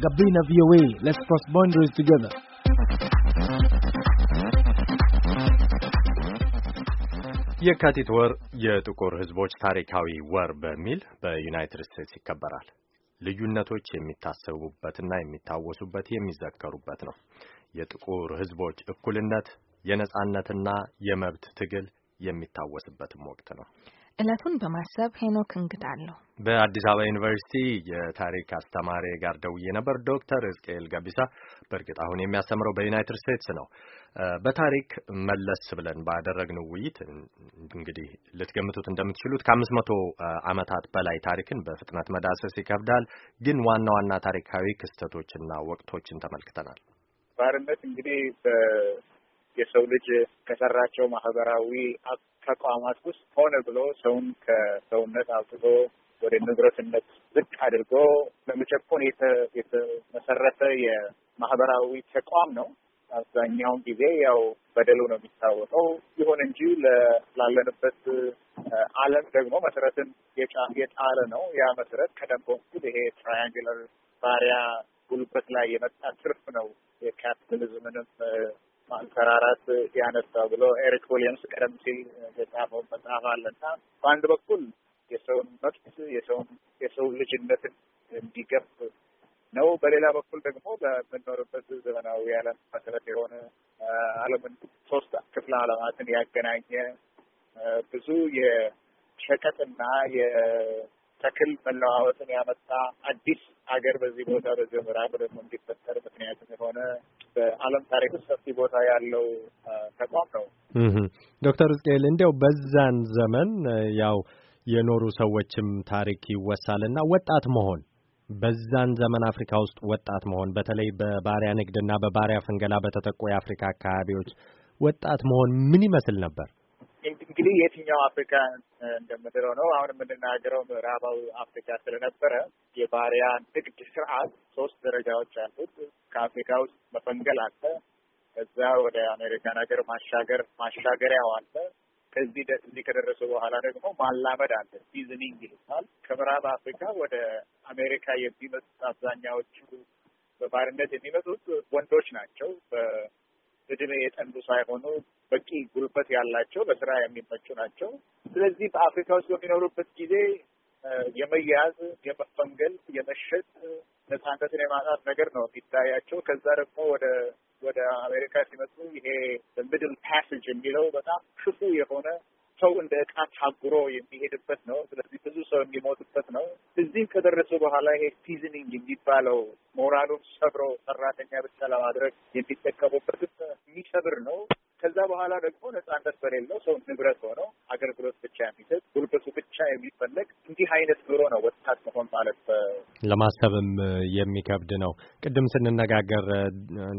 Gabina VOA. Let's cross boundaries together. የካቲት ወር የጥቁር ሕዝቦች ታሪካዊ ወር በሚል በዩናይትድ ስቴትስ ይከበራል። ልዩነቶች የሚታሰቡበትና የሚታወሱበት የሚዘከሩበት ነው። የጥቁር ሕዝቦች እኩልነት፣ የነጻነትና የመብት ትግል የሚታወስበትም ወቅት ነው። ዕለቱን በማሰብ ሄኖክ እንግዳለሁ። በአዲስ አበባ ዩኒቨርሲቲ የታሪክ አስተማሪ ጋር ደውዬ ነበር። ዶክተር ሕዝቅኤል ገቢሳ በእርግጥ አሁን የሚያስተምረው በዩናይትድ ስቴትስ ነው። በታሪክ መለስ ብለን ባደረግነው ውይይት እንግዲህ ልትገምቱት እንደምትችሉት ከአምስት መቶ ዓመታት በላይ ታሪክን በፍጥነት መዳሰስ ይከብዳል። ግን ዋና ዋና ታሪካዊ ክስተቶችና ወቅቶችን ተመልክተናል። ባርነት እንግዲህ የሰው ልጅ ከሰራቸው ማህበራዊ ተቋማት ውስጥ ሆነ ብሎ ሰውን ከሰውነት አውጥቶ ወደ ንብረትነት ዝቅ አድርጎ በመጨቆን የተመሰረተ የማህበራዊ ተቋም ነው። አብዛኛውን ጊዜ ያው በደሉ ነው የሚታወቀው። ይሁን እንጂ ላለንበት ዓለም ደግሞ መሰረትን የጣለ ነው። ያ መሰረት ከደንቦ በኩል ይሄ ትራያንግለር ባሪያ ጉልበት ላይ የመጣ ትርፍ ነው የካፒታሊዝምንም ማንሰራራት ያነሳው ብሎ ኤሪክ ዊሊያምስ ቀደም ሲል የጻፈው መጽሐፍ አለና በአንድ በኩል የሰውን መብት የሰውን የሰው ልጅነትን እንዲገፍ ነው። በሌላ በኩል ደግሞ በምንኖርበት ዘመናዊ ዓለም መሰረት የሆነ ዓለምን ሶስት ክፍለ ዓለማትን ያገናኘ ብዙ የሸቀጥና የተክል መለዋወጥን ያመጣ አዲስ አገር በዚህ ቦታ በዚህ ምዕራብ ደግሞ እንዲፈጠር ምክንያት የሆነ በዓለም ታሪክ ውስጥ ሰፊ ቦታ ያለው ተቋም ነው። ዶክተር ሕዝቅኤል እንዲያው በዛን ዘመን ያው የኖሩ ሰዎችም ታሪክ ይወሳልና ወጣት መሆን በዛን ዘመን አፍሪካ ውስጥ ወጣት መሆን በተለይ በባሪያ ንግድና በባሪያ ፍንገላ በተጠቁ የአፍሪካ አካባቢዎች ወጣት መሆን ምን ይመስል ነበር? እንግዲህ የትኛው አፍሪካ እንደምንለው ነው። አሁን የምንናገረው ምዕራባዊ አፍሪካ ስለነበረ የባሪያ ንግድ ስርዓት ሶስት ደረጃዎች አሉት። ከአፍሪካ ውስጥ መፈንገል አለ። ከዛ ወደ አሜሪካን ሀገር ማሻገር ማሻገሪያው አለ። ከዚህ እዚህ ከደረሱ በኋላ ደግሞ ማላመድ አለ። ሲዝኒንግ ይሉታል። ከምዕራብ አፍሪካ ወደ አሜሪካ የሚመጡት አብዛኛዎቹ በባርነት የሚመጡት ወንዶች ናቸው። በእድሜ የጠንዱ ሳይሆኑ በቂ ጉልበት ያላቸው በስራ የሚመቹ ናቸው። ስለዚህ በአፍሪካ ውስጥ በሚኖሩበት ጊዜ የመያዝ፣ የመፈንገል፣ የመሸጥ ነፃነትን የማጣት ነገር ነው የሚታያቸው። ከዛ ደግሞ ወደ ወደ አሜሪካ ሲመጡ ይሄ በሚድል ፓሴጅ የሚለው በጣም ክፉ የሆነ ሰው እንደ እቃ ታጉሮ የሚሄድበት ነው። ስለዚህ ብዙ ሰው የሚሞትበት ነው። እዚህም ከደረሱ በኋላ ይሄ ፒዝኒንግ የሚባለው ሞራሉን ሰብሮ ሰራተኛ ብቻ ለማድረግ የሚጠቀሙበት የሚሰብር ነው። ከዛ በኋላ ደግሞ ነጻነት በሌለው ሰው ንብረት ሆነው አገልግሎት ብቻ የሚሰጥ ጉልበቱ ብቻ የሚፈለግ እንዲህ አይነት ኑሮ ነው ወጣት መሆን ማለት ለማሰብም የሚከብድ ነው። ቅድም ስንነጋገር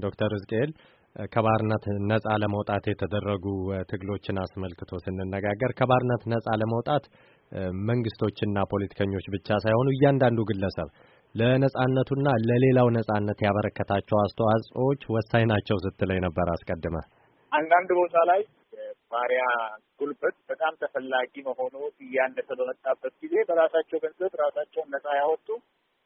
ዶክተር እዝቅኤል ከባርነት ነጻ ለመውጣት የተደረጉ ትግሎችን አስመልክቶ ስንነጋገር ከባርነት ነጻ ለመውጣት መንግስቶችና ፖለቲከኞች ብቻ ሳይሆኑ እያንዳንዱ ግለሰብ ለነጻነቱና ለሌላው ነጻነት ያበረከታቸው አስተዋጽኦዎች ወሳኝ ናቸው ስትለኝ ነበር አስቀድመ አንዳንድ ቦታ ላይ የባሪያ ጉልበት በጣም ተፈላጊ መሆኑ እያነሰ በመጣበት ጊዜ በራሳቸው ገንዘብ ራሳቸውን ነጻ ያወጡ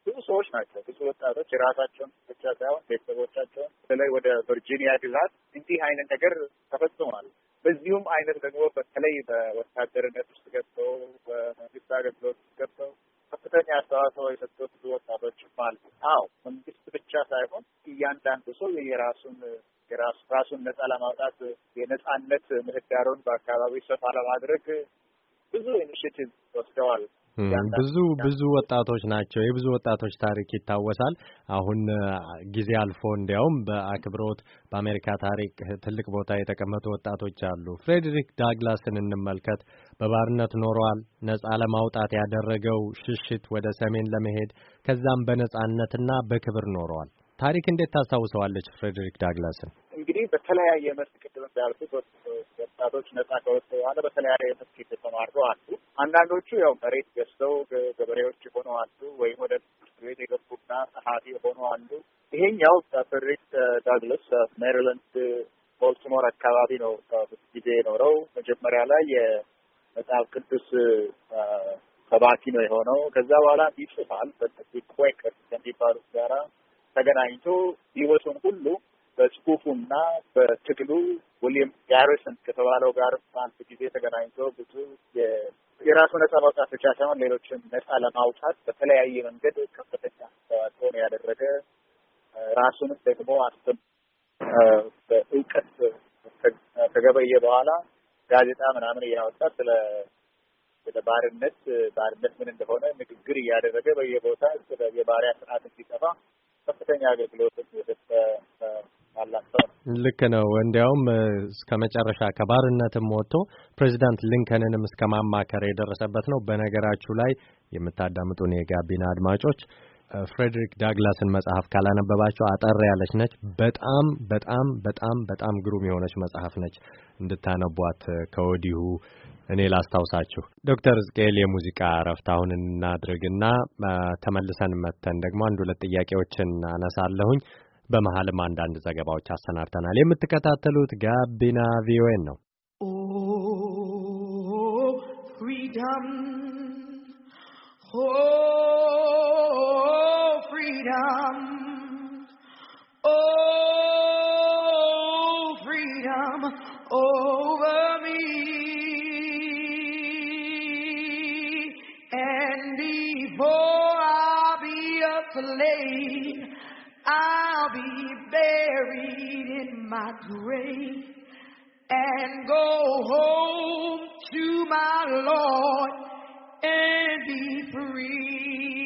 ብዙ ሰዎች ናቸው። ብዙ ወጣቶች የራሳቸውን ብቻ ሳይሆን ቤተሰቦቻቸውን በተለይ ወደ ቨርጂኒያ ግዛት እንዲህ አይነት ነገር ተፈጽሟል። በዚሁም አይነት ደግሞ በተለይ በወታደርነት ውስጥ ገብተው በመንግስት አገልግሎት ውስጥ ገብተው ከፍተኛ አስተዋጽኦ የሰጡት ብዙ ወጣቶች አሉ። አዎ መንግስት ብቻ ሳይሆን እያንዳንዱ ሰው የራሱን ራሱን ነጻ ለማውጣት የነጻነት ምህዳሩን በአካባቢ ሰፋ ለማድረግ ብዙ ኢኒሽቲቭ ወስደዋል። ብዙ ብዙ ወጣቶች ናቸው። የብዙ ወጣቶች ታሪክ ይታወሳል። አሁን ጊዜ አልፎ እንዲያውም በአክብሮት በአሜሪካ ታሪክ ትልቅ ቦታ የተቀመጡ ወጣቶች አሉ። ፍሬድሪክ ዳግላስን እንመልከት። በባርነት ኖሯል። ነጻ ለማውጣት ያደረገው ሽሽት ወደ ሰሜን ለመሄድ ከዛም በነጻነትና በክብር ኖሯል። ታሪክ እንዴት ታስታውሰዋለች ፍሬድሪክ ዳግላስን? እንግዲህ በተለያየ መስክ ቅድም እንዳልኩት ወጣቶች ነጻ ከወጡ በኋላ በተለያየ መስክ የተሰማሩ አሉ። አንዳንዶቹ ያው መሬት ገዝተው ገበሬዎች የሆኑ አሉ፣ ወይም ወደ ትምህርት ቤት የገቡና ጸሐፊ የሆኑ አሉ። ይሄኛው ፍሬድሪክ ዳግላስ ሜሪላንድ ቦልቲሞር አካባቢ ነው ጊዜ የኖረው። መጀመሪያ ላይ የመጽሐፍ ቅዱስ ሰባኪ ነው የሆነው። ከዛ በኋላ ይጽፋል በነዚህ ኩዌከርስ ከሚባሉት ጋራ ተገናኝቶ ህይወቱን ሁሉ በጽሁፉና በትግሉ ዊሊያም ጋሪሰን ከተባለው ጋር በአንድ ጊዜ ተገናኝቶ ብዙ የራሱ ነጻ ማውጣት ብቻ ሳይሆን ሌሎችን ነጻ ለማውጣት በተለያየ መንገድ ከፍተኛ አስተዋጽኦ ነው ያደረገ። ራሱንም ደግሞ አስብ በእውቀት ከገበየ በኋላ ጋዜጣ ምናምን እያወጣ ስለ ስለ ባርነት ባርነት ምን እንደሆነ ንግግር እያደረገ በየቦታ ስለ የባሪያ ስርዓት እንዲጠፋ ከፍተኛ አገልግሎት የሰጠ ልክ ነው። እንዲያውም እስከ መጨረሻ ከባርነትም ወጥቶ ፕሬዚዳንት ሊንከንንም እስከ ማማከር የደረሰበት ነው። በነገራችሁ ላይ የምታዳምጡን የጋቢና አድማጮች ፍሬድሪክ ዳግላስን መጽሐፍ ካላነበባቸው አጠር ያለች ነች። በጣም በጣም በጣም በጣም ግሩም የሆነች መጽሐፍ ነች። እንድታነቧት ከወዲሁ እኔ ላስታውሳችሁ ዶክተር ዝቅኤል የሙዚቃ እረፍት አሁን እናድርግና ተመልሰን መተን ደግሞ አንድ ሁለት ጥያቄዎችን አነሳለሁኝ። በመሀልም አንዳንድ ዘገባዎች አሰናድተናል። የምትከታተሉት ጋቢና ቪኦኤን ነው። ፍሪደም ፍሪደም before I'll be a slave, I'll be buried in my grave and go home to my Lord and be free.